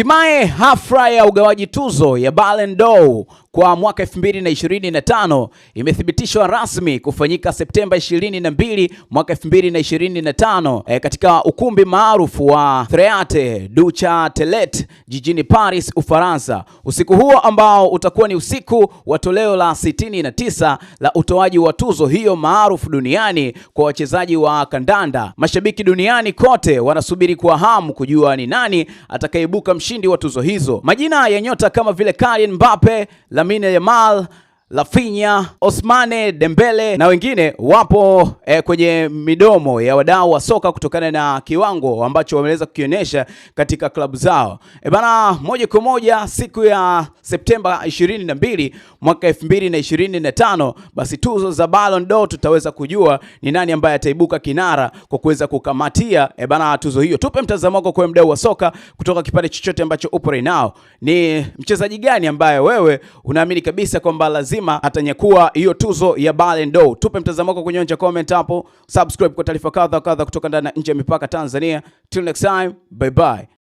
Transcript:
Hatimaye hafla ya ugawaji tuzo ya Ballon d'Or kwa mwaka 2025 imethibitishwa rasmi kufanyika Septemba 22 mwaka 2025 e, eh, katika ukumbi maarufu wa Theatre du Châtelet jijini Paris, Ufaransa. Usiku huo ambao utakuwa ni usiku wa toleo la 69 la utoaji wa tuzo hiyo maarufu duniani kwa wachezaji wa kandanda. Mashabiki duniani kote wanasubiri kwa hamu kujua ni nani atakayeibuka mshindi wa tuzo hizo. Majina ya nyota kama vile Kylian Mbappe la mina de mal Lafinya, Osmane Dembele na wengine wapo eh, kwenye midomo ya wadau wa soka kutokana na kiwango ambacho wameweza kukionyesha katika klabu zao. E bana, moja kwa moja siku ya Septemba 22 mwaka 2025, basi tuzo za Ballon d'Or tutaweza kujua ni nani ambaye ataibuka kinara kwa kuweza kukamatia e bana tuzo hiyo. Tupe mtazamo wako kwa mdau wa soka kutoka kipande chochote ambacho upo right now. Ni mchezaji gani ambaye wewe unaamini kabisa kwamba lazima mzima atanyakua hiyo tuzo ya Ballon d'Or. Tupe mtazamo wako kwenye comment hapo, subscribe kwa taarifa kadha kadha kutoka ndani na nje ya mipaka Tanzania. Till next time, bye bye.